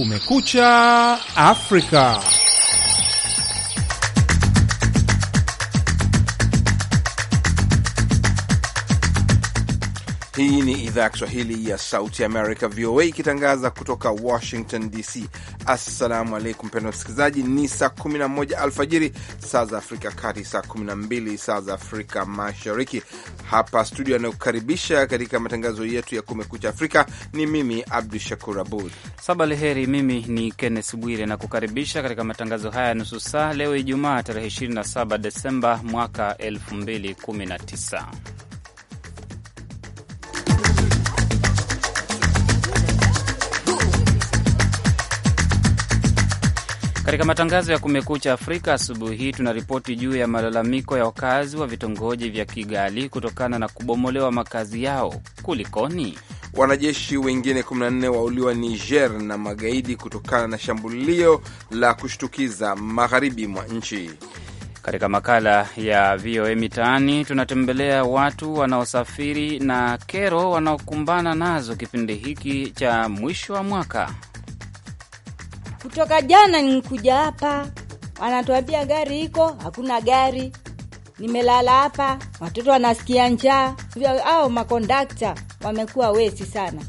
Kumekucha Afrika. Hii ni idhaa ya Kiswahili ya Sauti Amerika, VOA, ikitangaza kutoka Washington DC. Assalamu alaikum mpendwa msikilizaji, ni saa 11 alfajiri saa za Afrika Kati, saa 12 saa za Afrika Mashariki. Hapa studio anayokukaribisha katika matangazo yetu ya Kumekucha Afrika ni mimi Abdu Shakur Abud Sabalheri. Mimi ni Kennes Bwire na kukaribisha katika matangazo haya ya nusu saa leo Ijumaa tarehe 27 Desemba mwaka 2019. Katika matangazo ya Kumekucha Afrika asubuhi hii tunaripoti juu ya malalamiko ya wakazi wa vitongoji vya Kigali kutokana na kubomolewa makazi yao. Kulikoni? Wanajeshi wengine 14 wauliwa Niger na magaidi kutokana na shambulio la kushtukiza magharibi mwa nchi. Katika makala ya VOA Mitaani tunatembelea watu wanaosafiri na kero wanaokumbana nazo kipindi hiki cha mwisho wa mwaka kutoka jana nikuja hapa, wanatuambia gari iko, hakuna gari. Nimelala hapa, watoto wanasikia njaa. Au makondakta wamekuwa wesi sana.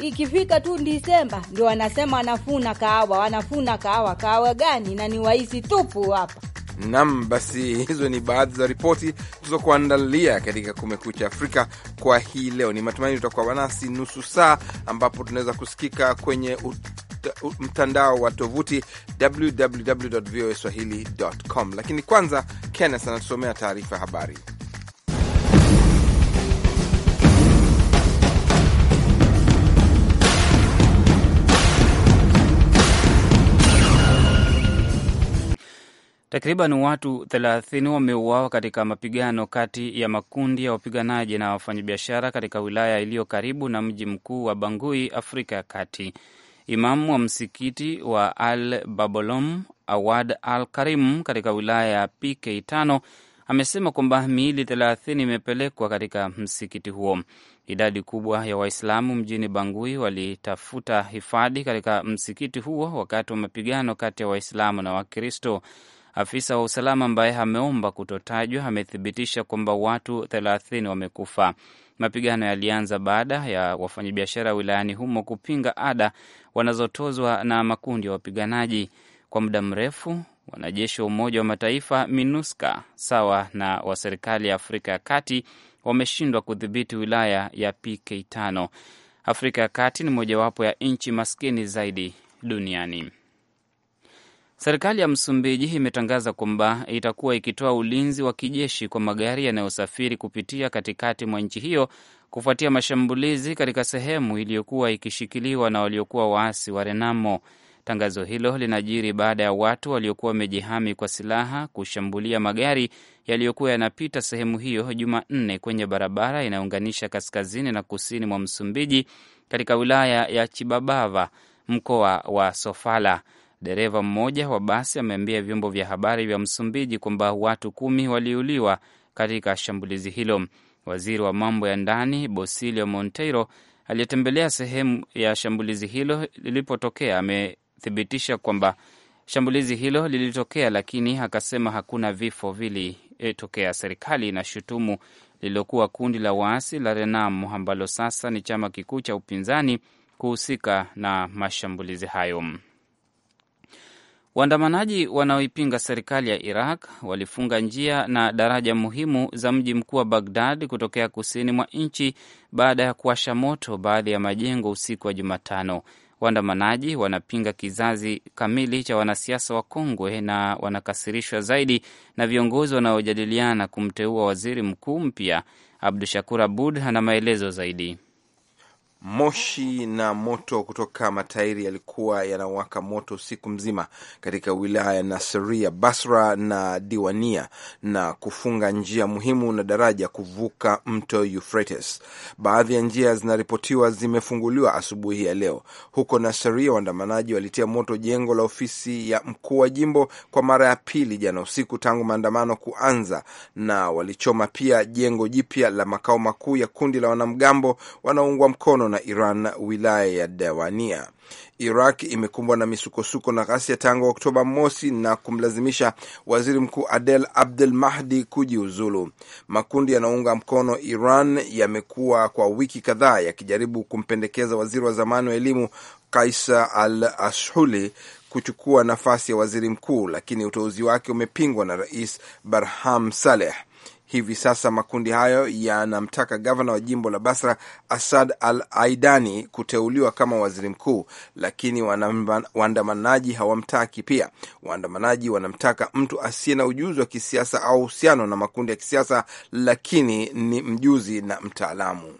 Ikifika tu Disemba ndio wanasema wanafuna kahawa, wanafuna kahawa. Kahawa gani? na ni wahisi tupu hapa Nam, basi hizo ni baadhi za ripoti tulizokuandalia katika Kumekucha Afrika kwa hii leo. Ni matumaini tutakuwa wanasi nusu saa, ambapo tunaweza kusikika kwenye mtandao wa tovuti www voa Lakini kwanza, Kenneth anatusomea taarifa ya habari. Takriban watu 30 wameuawa katika mapigano kati ya makundi ya wapiganaji na wafanyabiashara katika wilaya iliyo karibu na mji mkuu wa Bangui, Afrika ya Kati. Imamu wa msikiti wa Al Babolom Awad Al Karim katika wilaya ya PK5 amesema kwamba miili 30 imepelekwa katika msikiti huo. Idadi kubwa ya Waislamu mjini Bangui walitafuta hifadhi katika msikiti huo wakati wa mapigano kati ya Waislamu na Wakristo. Afisa wa usalama ambaye ameomba kutotajwa amethibitisha kwamba watu thelathini wamekufa. Mapigano yalianza baada ya wafanyabiashara wilayani humo kupinga ada wanazotozwa na makundi ya wapiganaji kwa muda mrefu. Wanajeshi wa Umoja wa Mataifa MINUSCA sawa na wa serikali ya Afrika ya Kati wameshindwa kudhibiti wilaya ya PK5. Afrika ya Kati ni mojawapo ya nchi maskini zaidi duniani. Serikali ya Msumbiji imetangaza kwamba itakuwa ikitoa ulinzi wa kijeshi kwa magari yanayosafiri kupitia katikati mwa nchi hiyo kufuatia mashambulizi katika sehemu iliyokuwa ikishikiliwa na waliokuwa waasi wa Renamo. Tangazo hilo linajiri baada ya watu waliokuwa wamejihami kwa silaha kushambulia magari yaliyokuwa yanapita sehemu hiyo Jumanne kwenye barabara inayounganisha kaskazini na kusini mwa Msumbiji katika wilaya ya Chibabava, mkoa wa Sofala. Dereva mmoja wa basi ameambia vyombo vya habari vya Msumbiji kwamba watu kumi waliuliwa katika shambulizi hilo. Waziri wa mambo ya ndani Bosilio Monteiro aliyetembelea sehemu ya shambulizi hilo lilipotokea amethibitisha kwamba shambulizi hilo lilitokea, lakini akasema hakuna vifo vilitokea. Serikali inashutumu lililokuwa kundi la waasi la Renamo ambalo sasa ni chama kikuu cha upinzani kuhusika na mashambulizi hayo. Waandamanaji wanaoipinga serikali ya Iraq walifunga njia na daraja muhimu za mji mkuu wa Bagdad kutokea kusini mwa nchi baada ya kuwasha moto baadhi ya majengo usiku wa Jumatano. Waandamanaji wanapinga kizazi kamili cha wanasiasa wakongwe na wanakasirishwa zaidi na viongozi wanaojadiliana kumteua waziri mkuu mpya. Abdu Shakur Abud ana maelezo zaidi. Moshi na moto kutoka matairi yalikuwa yanawaka moto siku mzima katika wilaya ya Nasiria, Basra na Diwania na kufunga njia muhimu na daraja kuvuka mto Euphrates. Baadhi ya njia zinaripotiwa zimefunguliwa asubuhi ya leo. Huko Nasiria, waandamanaji walitia moto jengo la ofisi ya mkuu wa jimbo kwa mara ya pili jana usiku tangu maandamano kuanza, na walichoma pia jengo jipya la makao makuu ya kundi la wanamgambo wanaoungwa mkono na Iran wilaya ya Dawania. Iraq imekumbwa na misukosuko na ghasia tangu Oktoba mosi na kumlazimisha waziri mkuu Adel Abdul Mahdi kujiuzulu. Makundi yanaounga mkono Iran yamekuwa kwa wiki kadhaa yakijaribu kumpendekeza waziri wa zamani wa elimu Kaisa Al Ashuli kuchukua nafasi ya waziri mkuu, lakini uteuzi wake umepingwa na Rais Barham Saleh. Hivi sasa makundi hayo yanamtaka gavana wa jimbo la Basra Asad Al Aidani kuteuliwa kama waziri mkuu, lakini waandamanaji hawamtaki. Pia waandamanaji wanamtaka mtu asiye na ujuzi wa kisiasa au uhusiano na makundi ya kisiasa, lakini ni mjuzi na mtaalamu.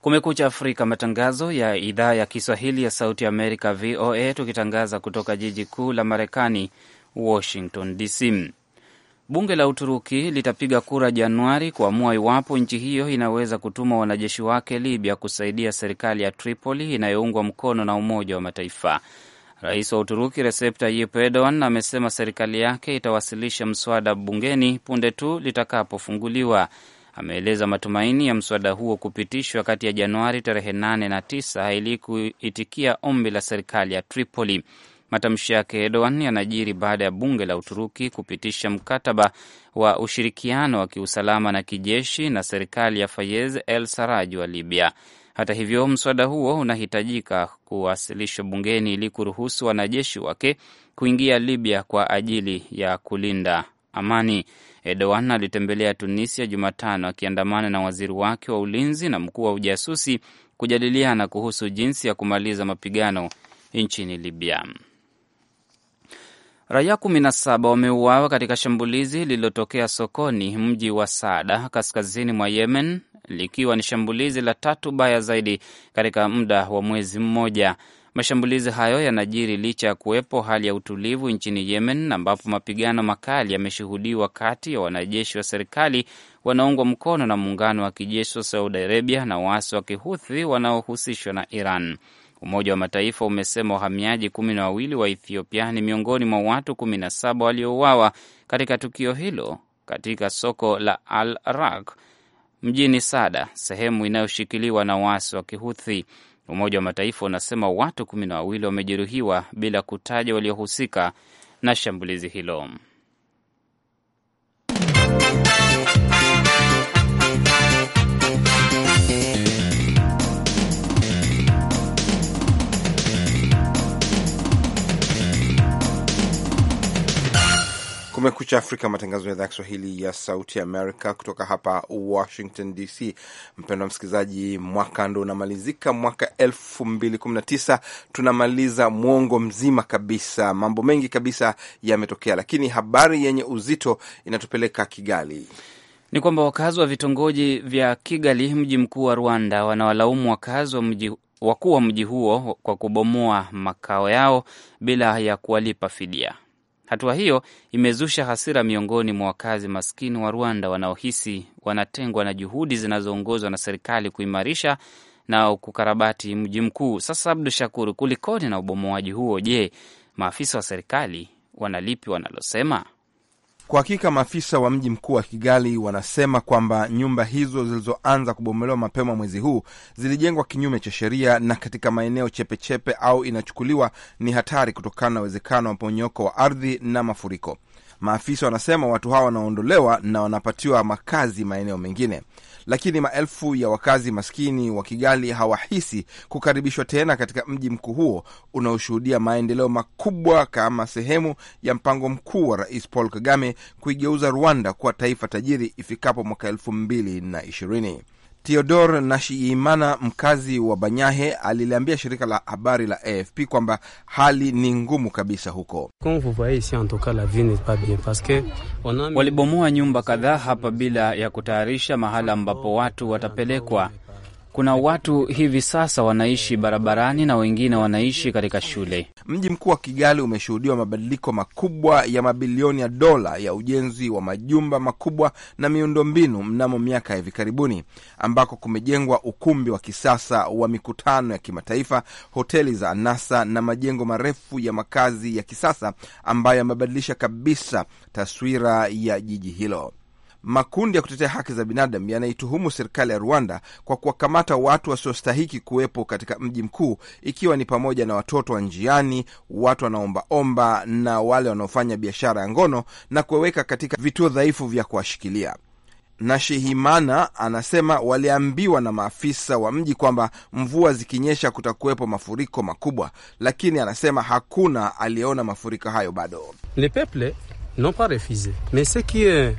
Kumekucha Afrika, matangazo ya idhaa ya Kiswahili ya Sauti Amerika, VOA, tukitangaza kutoka jiji kuu la Marekani, Washington DC. Bunge la Uturuki litapiga kura Januari kuamua iwapo nchi hiyo inaweza kutuma wanajeshi wake Libya kusaidia serikali ya Tripoli inayoungwa mkono na Umoja wa Mataifa. Rais wa Uturuki Recep Tayyip Erdogan amesema serikali yake itawasilisha mswada bungeni punde tu litakapofunguliwa. Ameeleza matumaini ya mswada huo kupitishwa kati ya Januari tarehe 8 na 9 ili kuitikia ombi la serikali ya Tripoli. Matamshi yake Erdogan yanajiri baada ya bunge la Uturuki kupitisha mkataba wa ushirikiano wa kiusalama na kijeshi na serikali ya Fayez El Saraj wa Libya. Hata hivyo, mswada huo unahitajika kuwasilishwa bungeni ili kuruhusu wanajeshi wake kuingia Libya kwa ajili ya kulinda amani. Erdogan alitembelea Tunisia Jumatano akiandamana na waziri wake wa ulinzi na mkuu wa ujasusi kujadiliana kuhusu jinsi ya kumaliza mapigano nchini Libya. Raia 17 wameuawa katika shambulizi lililotokea sokoni, mji wa Saada kaskazini mwa Yemen, likiwa ni shambulizi la tatu baya zaidi katika muda wa mwezi mmoja. Mashambulizi hayo yanajiri licha ya kuwepo hali ya utulivu nchini Yemen, ambapo mapigano makali yameshuhudiwa kati ya wanajeshi wa serikali wanaungwa mkono na muungano wa kijeshi wa Saudi Arabia na waasi wa Kihuthi wanaohusishwa na Iran. Umoja wa Mataifa umesema wahamiaji kumi na wawili wa Ethiopia ni miongoni mwa watu kumi na saba waliouawa katika tukio hilo katika soko la Al Rak mjini Sada, sehemu inayoshikiliwa na waasi wa Kihuthi. Umoja wa Mataifa unasema watu kumi na wawili wamejeruhiwa bila kutaja waliohusika na shambulizi hilo. Kumekucha Afrika, matangazo ya idhaa ya Kiswahili ya Sauti Amerika kutoka hapa Washington DC. Mpendwa msikilizaji, mwaka ndo unamalizika, mwaka tisa. tunamaliza mwongo mzima kabisa. Mambo mengi kabisa yametokea, lakini habari yenye uzito inatupeleka Kigali ni kwamba wakazi wa vitongoji vya Kigali, mji mkuu wa Rwanda, wanawalaumu wakazi wa mji wakuu wa mji huo kwa kubomoa makao yao bila ya kuwalipa fidia. Hatua hiyo imezusha hasira miongoni mwa wakazi maskini wa Rwanda wanaohisi wanatengwa na juhudi zinazoongozwa na serikali kuimarisha na kukarabati mji mkuu. Sasa Abdu Shakur, kulikoni na ubomoaji huo? Je, maafisa wa serikali wanalipi wanalosema? Kwa hakika maafisa wa mji mkuu wa Kigali wanasema kwamba nyumba hizo zilizoanza kubomolewa mapema mwezi huu zilijengwa kinyume cha sheria na katika maeneo chepechepe au inachukuliwa ni hatari kutokana na uwezekano wa mponyoko wa ardhi na mafuriko. Maafisa wanasema watu hawa wanaondolewa na wanapatiwa makazi maeneo mengine lakini maelfu ya wakazi maskini wa Kigali hawahisi kukaribishwa tena katika mji mkuu huo unaoshuhudia maendeleo makubwa kama sehemu ya mpango mkuu wa Rais Paul Kagame kuigeuza Rwanda kuwa taifa tajiri ifikapo mwaka elfu mbili na ishirini. Theodor Nashiimana, mkazi wa Banyahe, aliliambia shirika la habari la AFP kwamba hali ni ngumu kabisa huko. Walibomoa nyumba kadhaa hapa bila ya kutayarisha mahala ambapo watu watapelekwa. Kuna watu hivi sasa wanaishi barabarani na wengine wanaishi katika shule. Mji mkuu wa Kigali umeshuhudiwa mabadiliko makubwa ya mabilioni ya dola ya ujenzi wa majumba makubwa na miundombinu mnamo miaka ya hivi karibuni, ambako kumejengwa ukumbi wa kisasa wa mikutano ya kimataifa, hoteli za anasa na majengo marefu ya makazi ya kisasa ambayo yamebadilisha kabisa taswira ya jiji hilo. Makundi ya kutetea haki za binadamu yanaituhumu serikali ya Rwanda kwa kuwakamata watu wasiostahiki kuwepo katika mji mkuu, ikiwa ni pamoja na watoto wa njiani, watu wanaombaomba na wale wanaofanya biashara ya ngono na kuweweka katika vituo dhaifu vya kuwashikilia. Nashihimana anasema waliambiwa na maafisa wa mji kwamba mvua zikinyesha kutakuwepo mafuriko makubwa, lakini anasema hakuna aliyeona mafuriko hayo bado. Le peuple pas refuse mais ce qui est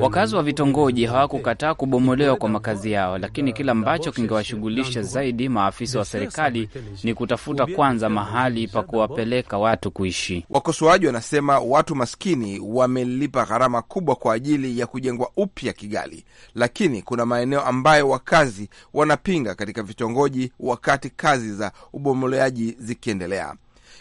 Wakazi wa vitongoji hawakukataa kubomolewa kwa makazi yao, lakini kile ambacho kingewashughulisha zaidi maafisa wa serikali ni kutafuta kwanza mahali pa kuwapeleka watu kuishi. Wakosoaji wanasema watu maskini wamelipa gharama kubwa kwa ajili ya kujengwa upya Kigali, lakini kuna maeneo ambayo wakazi wanapinga katika vitongoji, wakati kazi za ubomoleaji zikiendelea.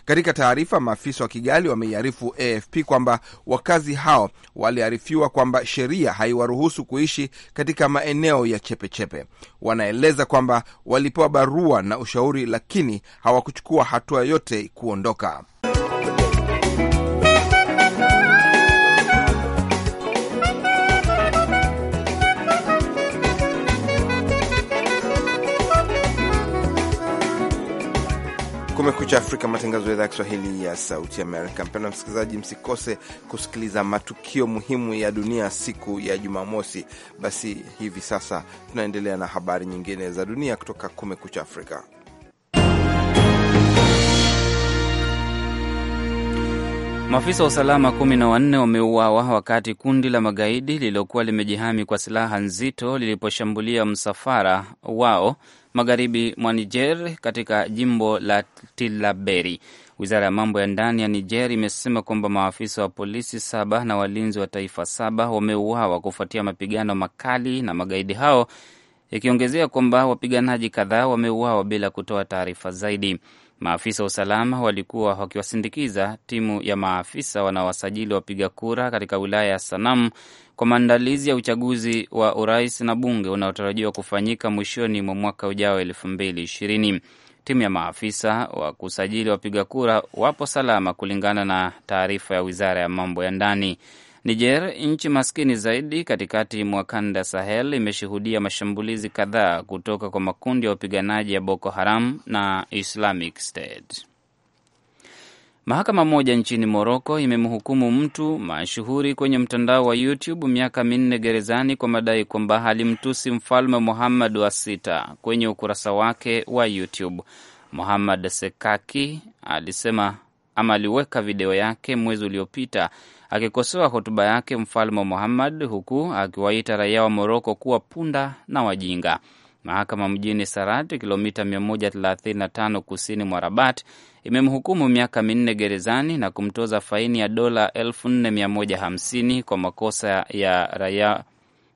Katika taarifa, maafisa wa Kigali wameiarifu AFP kwamba wakazi hao waliarifiwa kwamba sheria haiwaruhusu kuishi katika maeneo ya chepechepe chepe. Wanaeleza kwamba walipewa barua na ushauri, lakini hawakuchukua hatua yote kuondoka. Kumekucha Afrika, matangazo ya idhaa ya Kiswahili ya Sauti Amerika. Mpendwa msikilizaji, msikose kusikiliza matukio muhimu ya dunia siku ya Jumamosi. Basi hivi sasa tunaendelea na habari nyingine za dunia kutoka Kumekucha Afrika. Maafisa wa usalama kumi na wanne wameuawa wakati kundi la magaidi lililokuwa limejihami kwa silaha nzito liliposhambulia msafara wao magharibi mwa Niger katika jimbo la Tilaberi. Wizara ya mambo ya ndani ya Niger imesema kwamba maafisa wa polisi saba na walinzi wa taifa saba wameuawa kufuatia mapigano makali na magaidi hao, ikiongezea kwamba wapiganaji kadhaa wameuawa bila kutoa taarifa zaidi. Maafisa wa usalama walikuwa wakiwasindikiza timu ya maafisa wanaowasajili wapiga kura katika wilaya ya Sanamu kwa maandalizi ya uchaguzi wa urais na bunge unaotarajiwa kufanyika mwishoni mwa mwaka ujao elfu mbili ishirini. Timu ya maafisa wa kusajili wapiga kura wapo salama kulingana na taarifa ya wizara ya mambo ya ndani. Niger, nchi maskini zaidi katikati mwa kanda Sahel, imeshuhudia mashambulizi kadhaa kutoka kwa makundi ya wapiganaji ya Boko Haram na Islamic State. Mahakama moja nchini Moroko imemhukumu mtu mashuhuri kwenye mtandao wa YouTube miaka minne gerezani kwa madai kwamba alimtusi Mfalme Muhammad wa Sita kwenye ukurasa wake wa YouTube. Muhammad Sekaki alisema ama aliweka video yake mwezi uliopita akikosoa hotuba yake Mfalme Muhammad, huku akiwaita raia wa Moroko kuwa punda na wajinga. Mahakama mjini sarat kilomita 135 kusini mwa Rabat, imemhukumu miaka minne gerezani na kumtoza faini ya dola 4150 kwa makosa ya raia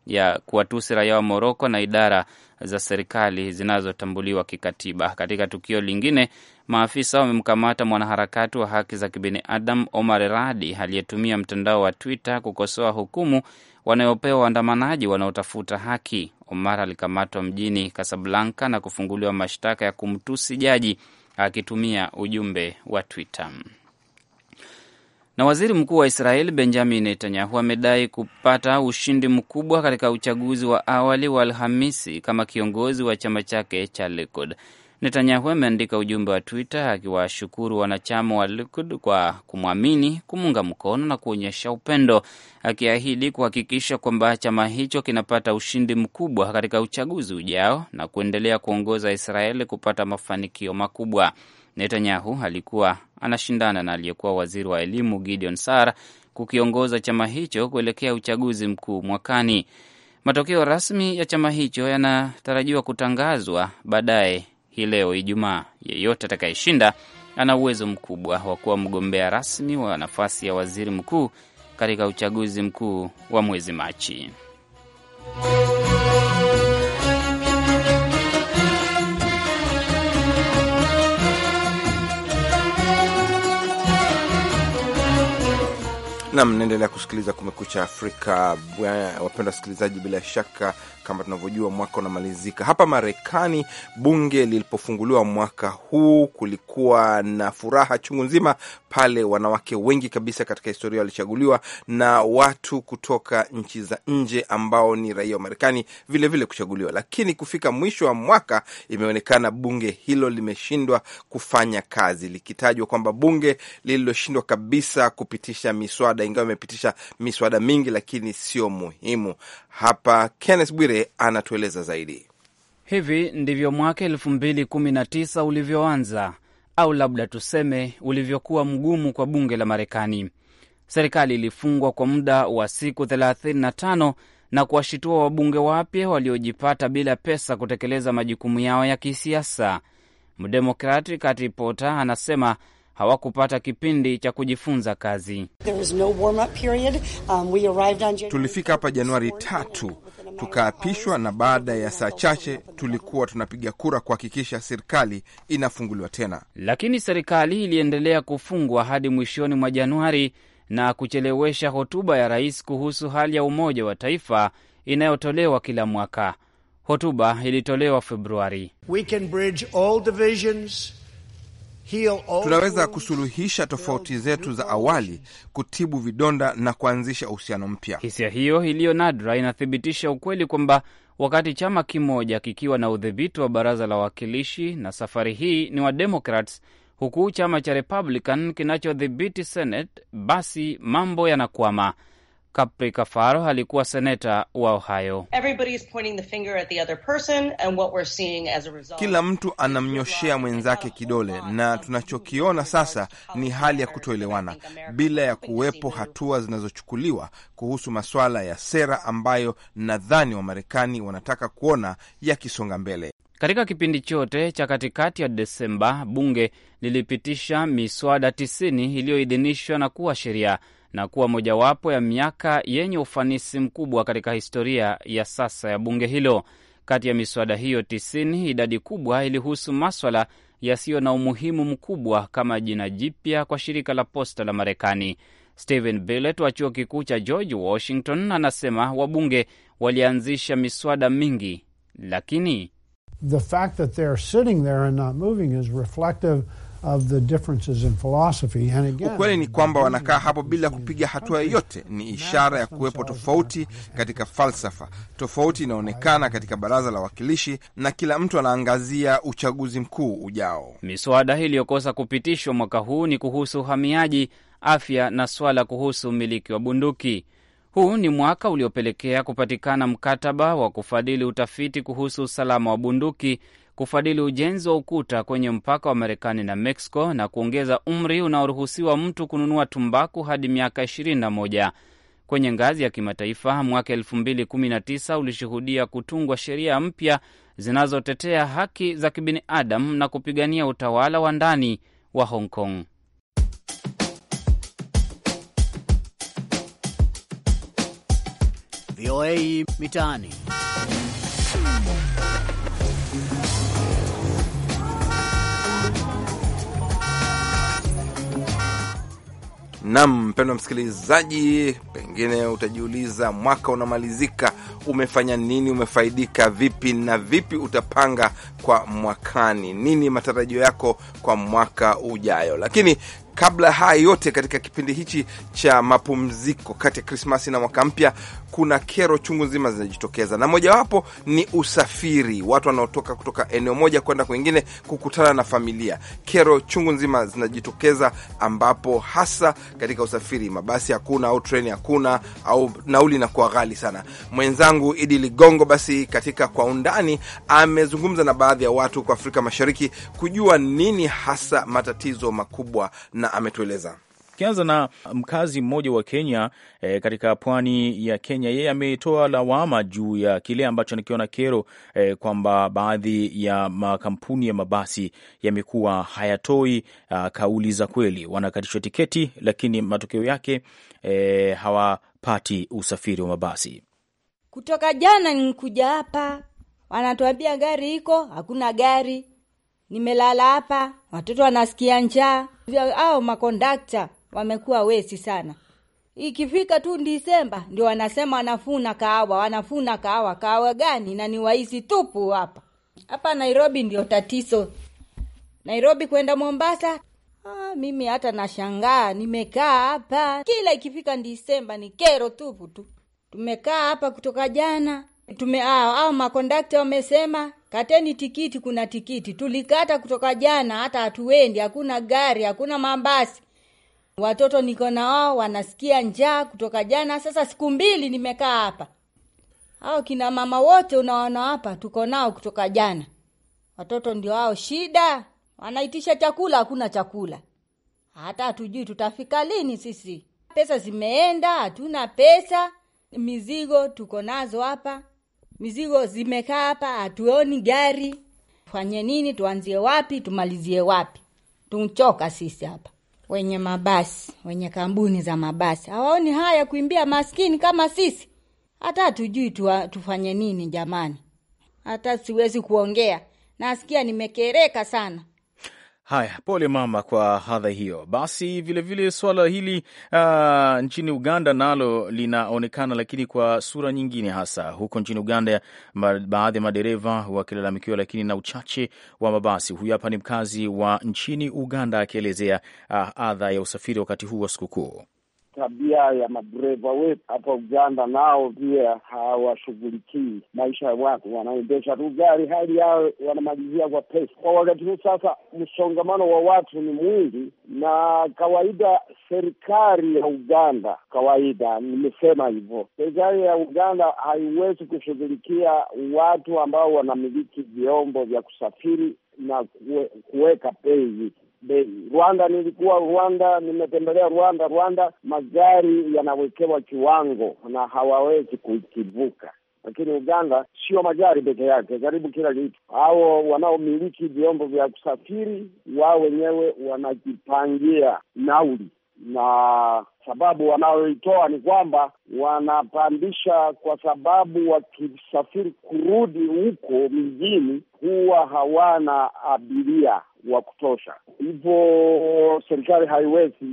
ya kuwatusi raia wa Moroko na idara za serikali zinazotambuliwa kikatiba. Katika tukio lingine, maafisa wamemkamata mwanaharakati wa haki za kibinadamu Omar Radi aliyetumia mtandao wa Twitter kukosoa hukumu wanayopewa waandamanaji wanaotafuta haki. Omar alikamatwa mjini Kasablanka na kufunguliwa mashtaka ya kumtusi jaji akitumia ujumbe wa Twitter. Na waziri mkuu wa israel Benjamin Netanyahu amedai kupata ushindi mkubwa katika uchaguzi wa awali wa Alhamisi kama kiongozi wa chama chake cha Likud. Netanyahu ameandika ujumbe wa Twitter akiwashukuru wanachama wa Likud kwa kumwamini, kumuunga mkono na kuonyesha upendo, akiahidi kuhakikisha kwamba chama hicho kinapata ushindi mkubwa katika uchaguzi ujao na kuendelea kuongoza Israeli kupata mafanikio makubwa. Netanyahu alikuwa anashindana na aliyekuwa waziri wa elimu Gideon Sar kukiongoza chama hicho kuelekea uchaguzi mkuu mwakani. Matokeo rasmi ya chama hicho yanatarajiwa kutangazwa baadaye hii leo Ijumaa. Yeyote atakayeshinda ana uwezo mkubwa wa kuwa mgombea rasmi wa nafasi ya waziri mkuu katika uchaguzi mkuu wa mwezi Machi. Nam, naendelea kusikiliza Kumekucha Afrika, wapenda wasikilizaji, bila shaka kama tunavyojua mwaka unamalizika. Hapa Marekani bunge lilipofunguliwa mwaka huu kulikuwa na furaha chungu nzima pale, wanawake wengi kabisa katika historia walichaguliwa na watu kutoka nchi za nje ambao ni raia wa Marekani vilevile kuchaguliwa, lakini kufika mwisho wa mwaka imeonekana bunge hilo limeshindwa kufanya kazi, likitajwa kwamba bunge lililoshindwa kabisa kupitisha miswada, ingawa imepitisha miswada mingi, lakini sio muhimu. Hapa Kenneth Bwire Bwire anatueleza zaidi. Hivi ndivyo mwaka elfu mbili kumi na tisa ulivyoanza au labda tuseme ulivyokuwa mgumu kwa bunge la Marekani. Serikali ilifungwa kwa muda wa siku 35 na kuwashitua wabunge wapya waliojipata bila pesa kutekeleza majukumu yao ya kisiasa. Mdemokrati Kati Pota anasema hawakupata kipindi cha kujifunza kazi. No um, January... tulifika hapa Januari tatu tukaapishwa, na baada ya saa chache tulikuwa tunapiga kura kuhakikisha serikali inafunguliwa tena, lakini serikali iliendelea kufungwa hadi mwishoni mwa Januari na kuchelewesha hotuba ya rais kuhusu hali ya umoja wa taifa inayotolewa kila mwaka. Hotuba ilitolewa Februari. We can bridge all divisions Tunaweza kusuluhisha tofauti zetu za awali, kutibu vidonda na kuanzisha uhusiano mpya. Hisia hiyo iliyo nadra inathibitisha ukweli kwamba wakati chama kimoja kikiwa na udhibiti wa baraza la wawakilishi, na safari hii ni wa Democrats, huku chama cha Republican kinachodhibiti Senate, basi mambo yanakwama. Capri Cafaro alikuwa seneta wa Ohio. Kila mtu anamnyoshea mwenzake kidole, na tunachokiona sasa ni hali ya kutoelewana bila ya kuwepo hatua zinazochukuliwa kuhusu masuala ya sera ambayo nadhani Wamarekani wanataka kuona yakisonga mbele. Katika kipindi chote cha katikati ya Desemba, bunge lilipitisha miswada 90 iliyoidhinishwa na kuwa sheria na kuwa mojawapo ya miaka yenye ufanisi mkubwa katika historia ya sasa ya bunge hilo. Kati ya miswada hiyo tisini, idadi kubwa ilihusu maswala yasiyo na umuhimu mkubwa kama jina jipya kwa shirika la posta la Marekani. Stephen Billet wa chuo kikuu cha George Washington anasema wabunge walianzisha miswada mingi, lakini The fact that they're sitting there and not moving is reflective Ukweli ni kwamba wanakaa hapo bila kupiga hatua yoyote, ni ishara ya kuwepo tofauti katika falsafa. Tofauti inaonekana katika baraza la wawakilishi, na kila mtu anaangazia uchaguzi mkuu ujao. Miswada hii iliyokosa kupitishwa mwaka huu ni kuhusu uhamiaji, afya na swala kuhusu umiliki wa bunduki. Huu ni mwaka uliopelekea kupatikana mkataba wa kufadhili utafiti kuhusu usalama wa bunduki kufadhili ujenzi wa ukuta kwenye mpaka wa Marekani na Mexico na kuongeza umri unaoruhusiwa mtu kununua tumbaku hadi miaka 21. Kwenye ngazi ya kimataifa, mwaka 2019 ulishuhudia kutungwa sheria mpya zinazotetea haki za kibinadamu na kupigania utawala wa ndani wa Hong Kong. VOA Mitaani. Nam mpendwa msikilizaji, pengine utajiuliza mwaka unamalizika, umefanya nini? Umefaidika vipi? Na vipi utapanga kwa mwakani? Nini matarajio yako kwa mwaka ujayo? Lakini Kabla haya yote, katika kipindi hichi cha mapumziko kati ya Krismasi na mwaka mpya, kuna kero chungu nzima zinajitokeza, na mojawapo ni usafiri, watu wanaotoka kutoka eneo moja kwenda kwingine kukutana na familia. Kero chungu nzima zinajitokeza, ambapo hasa katika usafiri, mabasi hakuna au treni hakuna au nauli inakuwa ghali sana. Mwenzangu Idi Ligongo basi katika kwa undani amezungumza na baadhi ya watu kwa Afrika Mashariki kujua nini hasa matatizo makubwa na na ametueleza. Tukianza na mkazi mmoja wa Kenya e, katika pwani ya Kenya, yeye ametoa lawama juu ya kile ambacho anakiona kero e, kwamba baadhi ya makampuni ya mabasi yamekuwa hayatoi a, ah, kauli za kweli. Wanakatishwa tiketi, lakini matokeo yake e, hawapati usafiri wa mabasi. Kutoka jana nikuja hapa, wanatuambia gari iko, hakuna gari. Nimelala hapa, watoto wanasikia njaa au makondakta wamekuwa wesi sana. Ikifika tu Disemba ndio wanasema wanafuna kahawa, wanafuna kahawa. Kahawa gani? Na ni wahisi tupu hapa hapa Nairobi, ndio tatizo. Nairobi kwenda Mombasa. Ah, mimi hata nashangaa, nimekaa hapa, kila ikifika Disemba ni kero tupu tu. Tumekaa hapa kutoka jana tume ao, ah, au ah, makondakta wamesema kateni tikiti, kuna tikiti tulikata kutoka jana, hata hatuendi, hakuna gari, hakuna mabasi. Watoto niko na wao wanasikia njaa kutoka jana, sasa siku mbili nimekaa hapa. Hao kina mama wote unaona hapa tuko nao kutoka jana, watoto ndio hao shida, wanaitisha chakula, hakuna chakula, hata hatujui tutafika lini sisi. Pesa zimeenda, hatuna pesa, mizigo tuko nazo hapa mizigo zimekaa hapa, hatuoni gari. Fanye nini? Tuanzie wapi? Tumalizie wapi? Tunchoka sisi hapa. Wenye mabasi, wenye kampuni za mabasi hawaoni haya kuimbia maskini kama sisi. Hata hatujui tufanye nini jamani. Hata siwezi kuongea, nasikia nimekereka sana. Haya, pole mama kwa hadha hiyo. Basi vilevile vile swala hili uh, nchini Uganda nalo linaonekana, lakini kwa sura nyingine, hasa huko nchini Uganda baadhi ya madereva wakilalamikiwa, lakini na uchache wa mabasi. Huyu hapa ni mkazi wa nchini Uganda akielezea uh, adha ya usafiri wakati huu wa sikukuu tabia ya madereva wetu hapa Uganda, nao pia hawashughulikii maisha ya watu, wanaendesha tu gari hali yao wanamalizia kwa pesa. Kwa wakati huu sasa, msongamano wa watu ni mwingi, na kawaida serikali ya Uganda, kawaida nimesema hivyo, serikali ya Uganda haiwezi kushughulikia watu ambao wanamiliki vyombo vya kusafiri na kuweka bei bei. Rwanda nilikuwa Rwanda, nimetembelea Rwanda. Rwanda magari yanawekewa kiwango na hawawezi kukivuka lakini Uganda sio magari peke yake, karibu kila kitu. Hao wanaomiliki vyombo vya kusafiri wao wenyewe wanajipangia nauli na sababu wanayoitoa ni kwamba wanapandisha kwa sababu wakisafiri kurudi huko mijini huwa hawana abiria wa kutosha, hivyo serikali haiwezi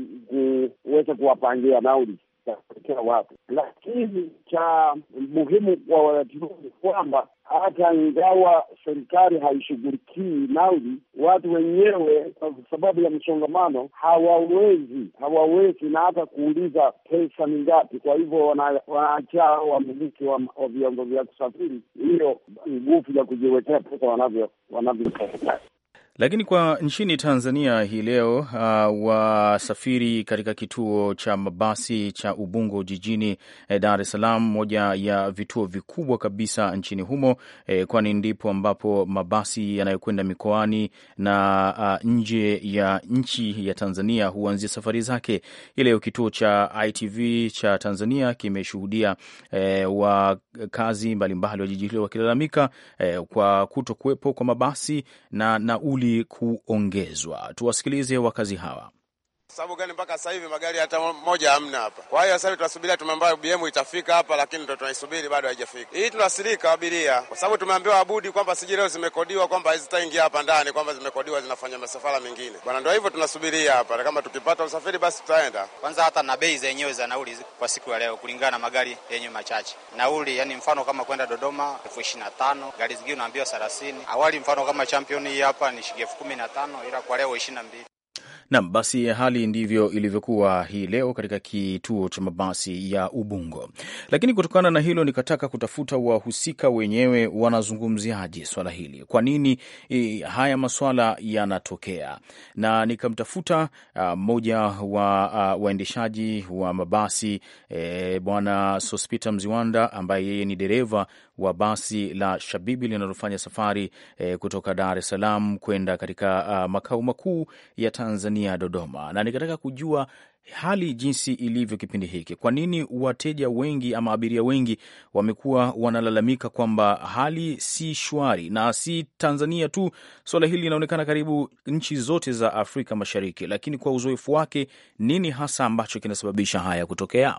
kuweza kuwapangia nauli yatokea wapi. Lakini cha muhimu kwa wanajiruu ni kwamba hata ingawa serikali haishughulikii nauli, watu wenyewe kwa sababu ya msongamano hawawezi hawawezi na hata kuuliza pesa ni ngapi. Kwa hivyo wanaacha wamiliki wa, wa vyombo vya kusafiri hiyo nguvu ya kujiwekea pesa wanavyo wanavyotaka. Lakini kwa nchini Tanzania hii leo uh, wasafiri katika kituo cha mabasi cha Ubungo jijini eh, Dar es Salaam, moja ya vituo vikubwa kabisa nchini humo eh, kwani ndipo ambapo mabasi yanayokwenda mikoani na uh, nje ya nchi ya Tanzania huanzia safari zake. Hii leo kituo cha ITV cha Tanzania kimeshuhudia eh, wakazi mbalimbali wa jiji hilo wakilalamika eh, kwa kuto kuwepo kwa mabasi na nauli kuongezwa. Tuwasikilize wakazi hawa. Sababu gani mpaka sasa hivi magari hata moja hamna hapa? Kwa hiyo sasa hivi tunasubiria tumemba BM itafika hapa, lakini ndo tunaisubiri bado haijafika. Hii tunasirika abiria, kwa sababu tumeambiwa abudi kwamba siji leo zimekodiwa kwamba hazitaingia hapa ndani, kwamba zimekodiwa zinafanya masafara mengine bwana. Ndo hivyo tunasubiria hapa, kama tukipata usafiri basi tutaenda. Kwanza hata na bei zenyewe za nauli kwa siku ya leo kulingana na magari yenye machache nauli, yani mfano kama kwenda Dodoma elfu ishirini na tano gari zingine unaambiwa thelathini. Awali mfano kama champion hii hapa ni shilingi elfu kumi na tano ila kwa leo ishirini na mbili. Nam, basi hali ndivyo ilivyokuwa hii leo katika kituo cha mabasi ya Ubungo. Lakini kutokana na hilo, nikataka kutafuta wahusika wenyewe wanazungumziaje swala hili, kwa nini e, haya maswala yanatokea, na nikamtafuta mmoja wa a, waendeshaji wa mabasi e, Bwana Sospita Mziwanda ambaye yeye ni dereva wa basi la Shabibi linalofanya safari e, kutoka Dar es Salaam kwenda katika ah, makao makuu ya Tanzania, Dodoma, na nikataka kujua hali jinsi ilivyo kipindi hiki. Kwa nini wateja wengi ama abiria wengi wamekuwa wanalalamika kwamba hali si shwari? Na si Tanzania tu, suala hili linaonekana karibu nchi zote za Afrika Mashariki, lakini kwa uzoefu wake, nini hasa ambacho kinasababisha haya kutokea?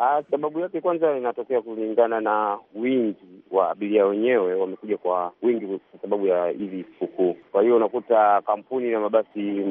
Ah, sababu yake kwanza inatokea kulingana na wingi wa abiria wenyewe wamekuja kwa wingi kwa sababu ya hizi sikukuu. Kwa hiyo unakuta kampuni na mabasi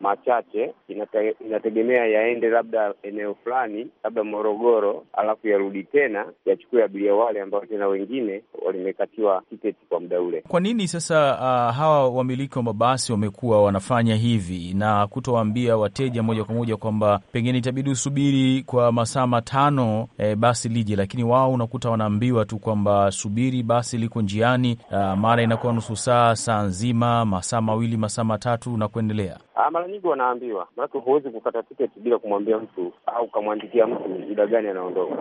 machache inate, inategemea yaende labda eneo fulani, labda Morogoro, alafu yarudi tena yachukue abiria wale ambao tena wengine walimekatiwa tiketi kwa muda ule. Kwa nini sasa uh, hawa wamiliki wa mabasi wamekuwa wanafanya hivi na kutowaambia wateja moja kwa moja kwamba pengine itabidi usubiri kwa masaa matano eh, basi lije, lakini wao unakuta wanaambiwa tu kwamba subiri basi liko njiani, ah, mara inakuwa nusu saa, saa nzima, masaa mawili, masaa matatu na kuendelea. Ah, mara nyingi wanaambiwa, maanake huwezi kukata tiketi bila kumwambia mtu au ukamwandikia mtu muda gani anaondoka.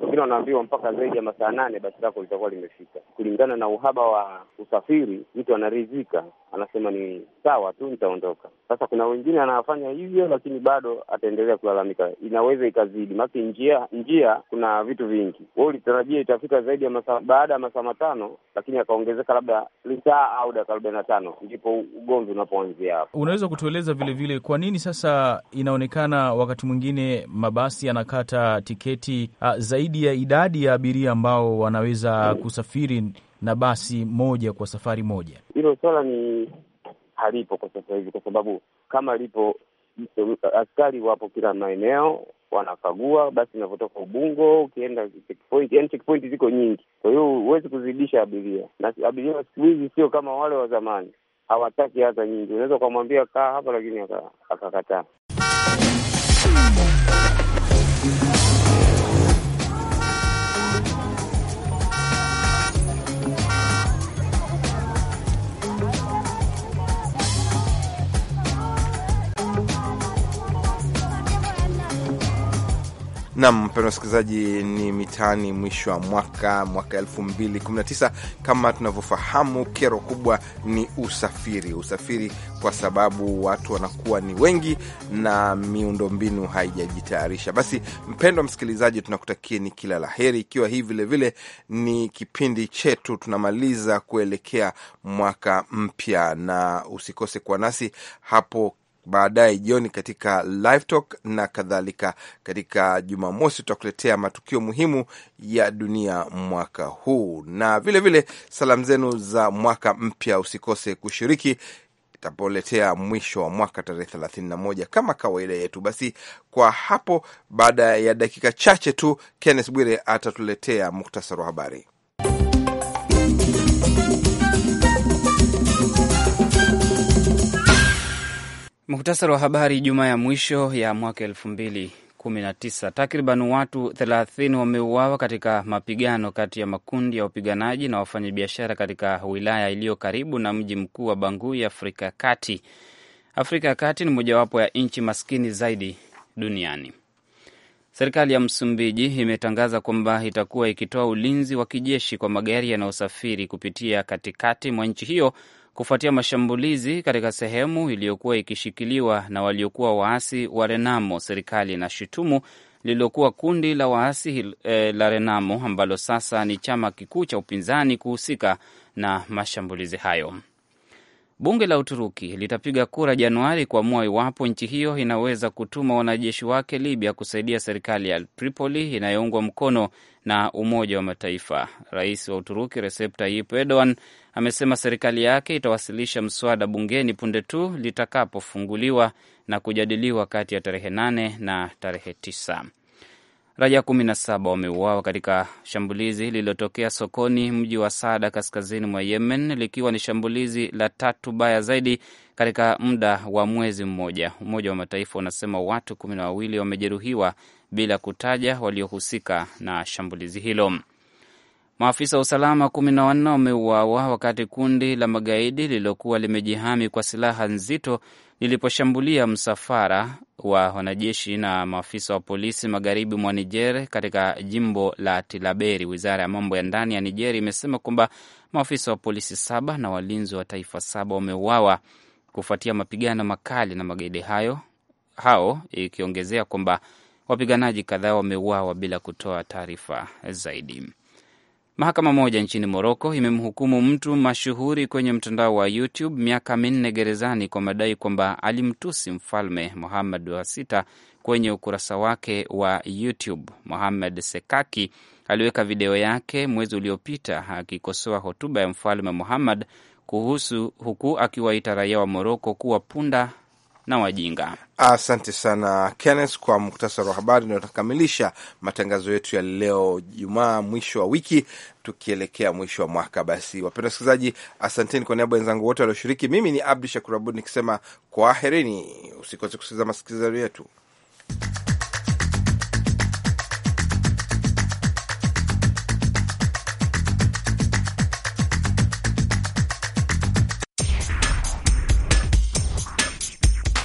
Wengine wanaambiwa mpaka zaidi ya masaa nane basi lako litakuwa limefika. Kulingana na uhaba wa usafiri, mtu anaridhika, anasema ni sawa tu, nitaondoka. Sasa kuna wengine anafanya hivyo, lakini bado ataendelea kulalamika, inaweza ikazidi, maanake njia njia kuna vitu vingi. Wewe ulitarajia itafika zaidi ya masaa baada ya masaa matano, lakini akaongezeka labda lisaa au dakika arobaini na tano, ndipo ugomvi unapoanzia hapo. Unaweza kutueleza kueleza vilevile kwa nini sasa inaonekana wakati mwingine mabasi yanakata tiketi a, ah, zaidi ya idadi ya abiria ambao wanaweza kusafiri na basi moja kwa safari moja? Hilo swala ni halipo kwa sasa hivi, kwa sababu kama lipo askari wapo kila maeneo wanakagua basi inavyotoka Ubungo ukienda checkpoint, yani checkpoint ziko nyingi, kwa hiyo huwezi kuzidisha abiria, na abiria siku hizi sio kama wale wa zamani hawataki hata nyingi. Unaweza ukamwambia kaa hapa, lakini akakataa. Nam mpendwa msikilizaji, ni mitaani mwisho wa mwaka mwaka tisa. Kama tunavyofahamu, kero kubwa ni usafiri, usafiri kwa sababu watu wanakuwa ni wengi na miundombinu haijajitayarisha. Basi mpendwa msikilizaji, tunakutakia ni kila la heri, ikiwa hii vilevile ni kipindi chetu tunamaliza kuelekea mwaka mpya, na usikose kuwa nasi hapo baadaye jioni katika live talk na kadhalika. Katika Jumamosi tutakuletea matukio muhimu ya dunia mwaka huu na vilevile salamu zenu za mwaka mpya. Usikose kushiriki itapoletea mwisho wa mwaka tarehe 31 kama kawaida yetu. Basi kwa hapo, baada ya dakika chache tu, Kenneth Bwire atatuletea muktasari wa habari. Muhtasari wa habari. Jumaa ya mwisho ya mwaka elfu mbili kumi na tisa, takriban watu thelathini wameuawa katika mapigano kati ya makundi ya wapiganaji na wafanyabiashara katika wilaya iliyo karibu na mji mkuu wa Bangui, Afrika ya Kati. Afrika ya Kati ni mojawapo ya nchi maskini zaidi duniani. Serikali ya Msumbiji imetangaza kwamba itakuwa ikitoa ulinzi wa kijeshi kwa magari yanayosafiri kupitia katikati mwa nchi hiyo kufuatia mashambulizi katika sehemu iliyokuwa ikishikiliwa na waliokuwa waasi wa Renamo. Serikali inashutumu lililokuwa kundi la waasi e, la Renamo ambalo sasa ni chama kikuu cha upinzani kuhusika na mashambulizi hayo. Bunge la Uturuki litapiga kura Januari kuamua iwapo nchi hiyo inaweza kutuma wanajeshi wake Libya kusaidia serikali ya Tripoli inayoungwa mkono na Umoja wa Mataifa. Rais wa Uturuki Recep Tayyip Erdogan amesema serikali yake itawasilisha mswada bungeni punde tu litakapofunguliwa na kujadiliwa kati ya tarehe nane na tarehe tisa. Raia 17 wameuawa katika shambulizi lililotokea sokoni, mji wa sada kaskazini mwa Yemen, likiwa ni shambulizi la tatu baya zaidi katika muda wa mwezi mmoja. Umoja wa Mataifa unasema watu kumi na wawili wamejeruhiwa bila kutaja waliohusika na shambulizi hilo. Maafisa wa usalama kumi na wanne wameuawa wakati kundi la magaidi lililokuwa limejihami kwa silaha nzito liliposhambulia msafara wa wanajeshi na maafisa wa polisi magharibi mwa Niger katika jimbo la Tilaberi. Wizara ya mambo ya ndani ya Niger imesema kwamba maafisa wa polisi saba na walinzi wa taifa saba wameuawa kufuatia mapigano makali na magaidi hayo hao, ikiongezea kwamba wapiganaji kadhaa wameuawa bila kutoa taarifa zaidi. Mahakama moja nchini Moroko imemhukumu mtu mashuhuri kwenye mtandao wa YouTube miaka minne gerezani kwa madai kwamba alimtusi mfalme Mohamed wa sita kwenye ukurasa wake wa YouTube. muhamed Sekaki aliweka video yake mwezi uliopita akikosoa hotuba ya mfalme Mohamed kuhusu, huku akiwaita raia wa Moroko kuwa punda na wajinga. Asante sana Kenneth kwa muktasari wa habari. inayotakamilisha matangazo yetu ya leo Jumaa, mwisho wa wiki tukielekea mwisho wa mwaka. Basi wapenda wasikilizaji, asanteni kwa niaba wenzangu wote walioshiriki. Mimi ni Abdu Shakur Abud nikisema kwaherini, usikose kusikiliza masikilizano yetu.